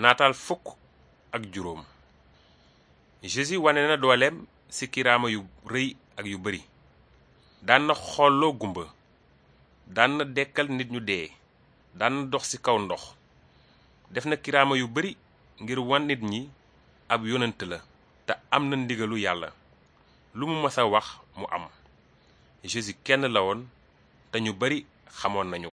naataal fukk ak juróom Jésus wane na dooleem ci kiraama yu rëy ak yu bari daan na xolloo gumba daan na dekkal nit ñu dee daan na dox ci kaw ndox def na kiraama yu bari ngir wan nit ñi ab yonent la te am na ndigalu yàlla lu mu mës a wax mu am Jésus kenn la woon te ñu bari xamoon nañu